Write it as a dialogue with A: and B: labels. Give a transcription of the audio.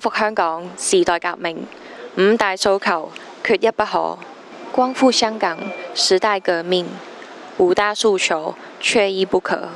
A: 光復香港時代革命，五大訴求，缺一不可；光復香港
B: 時代革命，五大訴求，缺一不可。